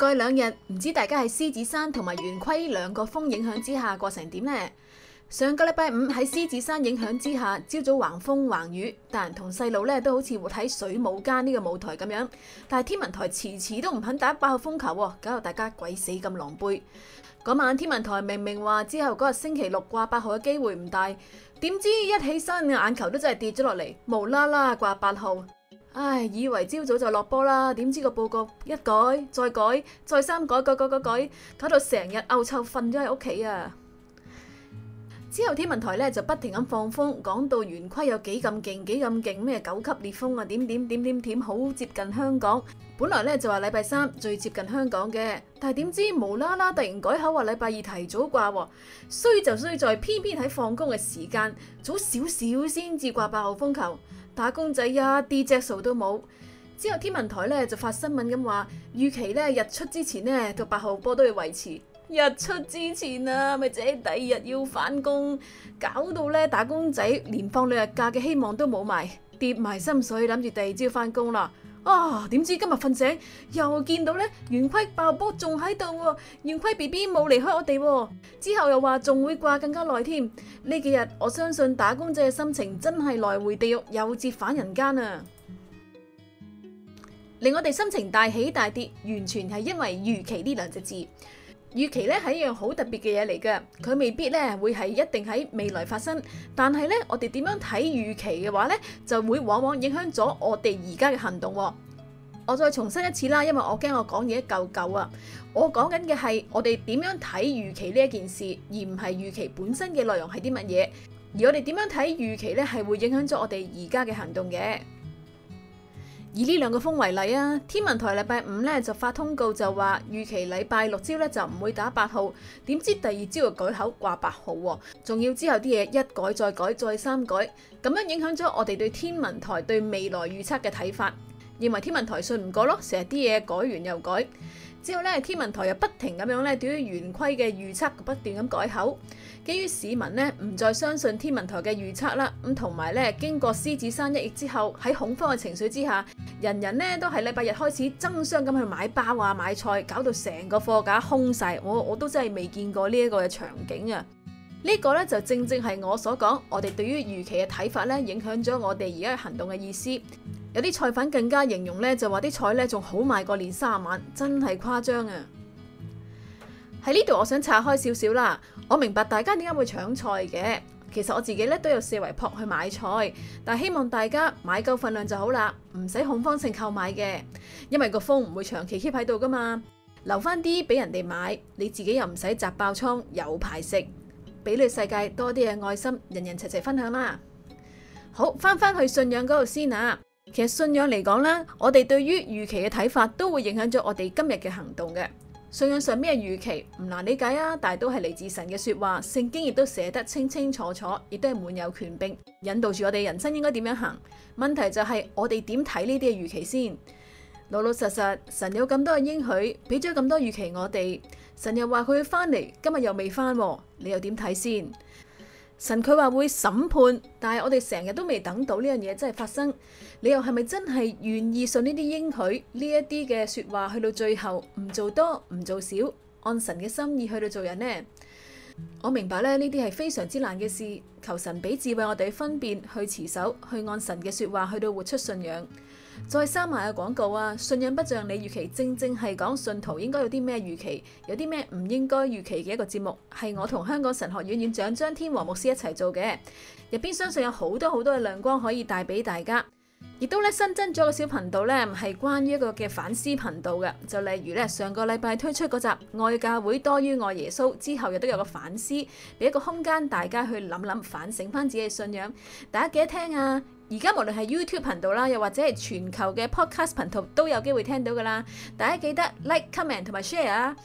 過去兩日唔知大家喺獅子山同埋圓規兩個風影響之下過成點呢？上個禮拜五喺獅子山影響之下，朝早橫風橫雨，大人同細路咧都好似活喺水舞間呢個舞台咁樣。但係天文台遲遲都唔肯打八號風球，搞到大家鬼死咁狼狽。嗰晚天文台明明話之後嗰日星期六掛八號嘅機會唔大，點知一起身眼球都真係跌咗落嚟，無啦啦掛八號。唉，以為朝早就落波啦，點知個報告一改再改再三改改改改改，改，改，搞到成日嘔臭瞓咗喺屋企啊！之後天文台咧就不停咁放風，講到圓規有幾咁勁，幾咁勁咩九級烈風啊，點點點點點好接近香港。本來咧就話禮拜三最接近香港嘅，但係點知無啦啦突然改口話禮拜二提早掛，衰就衰在偏偏喺放工嘅時間早少少先至掛八號風球。打工仔一啲只數都冇，之後天文台咧就發新聞咁話，預期咧日出之前咧到八號波都要維持。日出之前啊，咪即係第二日要返工，搞到咧打工仔連放兩日假嘅希望都冇埋，跌埋心水諗住第二朝翻工啦。啊！點知今日瞓醒又見到呢圓規爆波仲喺度喎，圓規 B B 冇離開我哋，啊，之後又話仲會掛更加耐添。呢幾日我相信打工者嘅心情真係來回地獄又折返人間啊！令我哋心情大起大跌，完全係因為預期呢兩隻字。預期咧係一樣好特別嘅嘢嚟㗎，佢未必咧會係一定喺未來發生，但係咧我哋點樣睇預期嘅話咧，就會往往影響咗我哋而家嘅行動。我再重申一次啦，因為我驚我講嘢一嚿嚿啊，我講緊嘅係我哋點樣睇預期呢一件事，而唔係預期本身嘅內容係啲乜嘢。而我哋點樣睇預期咧，係會影響咗我哋而家嘅行動嘅。以呢兩個風為例啊，天文台禮拜五咧就發通告就話預期禮拜六朝咧就唔會打八號，點知第二朝又改口掛八號，仲要之後啲嘢一改再改再三改，咁樣影響咗我哋對天文台對未來預測嘅睇法，認為天文台信唔過咯，成日啲嘢改完又改，之後咧天文台又不停咁樣咧對於圓規嘅預測不斷咁改口，基於市民呢唔再相信天文台嘅預測啦，咁同埋咧經過獅子山一役之後喺恐慌嘅情緒之下。人人咧都係禮拜日開始爭相咁去買包啊買菜，搞到成個貨架空晒。我我都真係未見過呢一個嘅場景啊！這個、呢個咧就正正係我所講，我哋對於預期嘅睇法咧，影響咗我哋而家行動嘅意思。有啲菜販更加形容咧，就話啲菜咧仲好賣過年卅晚，真係誇張啊！喺呢度我想拆開少少啦，我明白大家點解會搶菜嘅。其實我自己咧都有四圍撲去買菜，但係希望大家買夠份量就好啦，唔使恐慌性購買嘅，因為個風唔會長期 keep 喺度噶嘛，留翻啲俾人哋買，你自己又唔使砸爆倉，有排食，俾你世界多啲嘅愛心，人人齊齊分享啦。好，翻翻去信仰嗰度先啊，其實信仰嚟講啦，我哋對於預期嘅睇法都會影響咗我哋今日嘅行動嘅。信仰上咩預期唔難理解啊，但係都係嚟自神嘅說話，聖經亦都寫得清清楚楚，亦都係滿有權柄，引導住我哋人生應該點樣行。問題就係我哋點睇呢啲預期先？老老實實，神有咁多嘅應許，俾咗咁多預期我哋，神又話佢會返嚟，今日又未返，你又點睇先？神佢話會審判，但係我哋成日都未等到呢樣嘢真係發生，你又係咪真係願意信呢啲應許呢一啲嘅說話，去到最後唔做多唔做少，按神嘅心意去到做人呢？我明白咧，呢啲係非常之難嘅事，求神俾智慧我哋分辨，去持守，去按神嘅說話去到活出信仰。再三埋嘅廣告啊，信仰不像你預期，正正係講信徒應該有啲咩預期，有啲咩唔應該預期嘅一個節目，係我同香港神學院院長張天和牧師一齊做嘅，入邊相信有好多好多嘅亮光可以帶俾大家。亦都咧新增咗個小頻道咧，係關於一個嘅反思頻道嘅，就例如咧上個禮拜推出嗰集《愛教會多於愛耶穌》，之後亦都有個反思，俾一個空間大家去諗諗反省翻自己嘅信仰。大家記得聽啊！而家無論係 YouTube 頻道啦，又或者係全球嘅 Podcast 頻道都有機會聽到噶啦。大家記得 Like、Comment 同埋 Share 啊！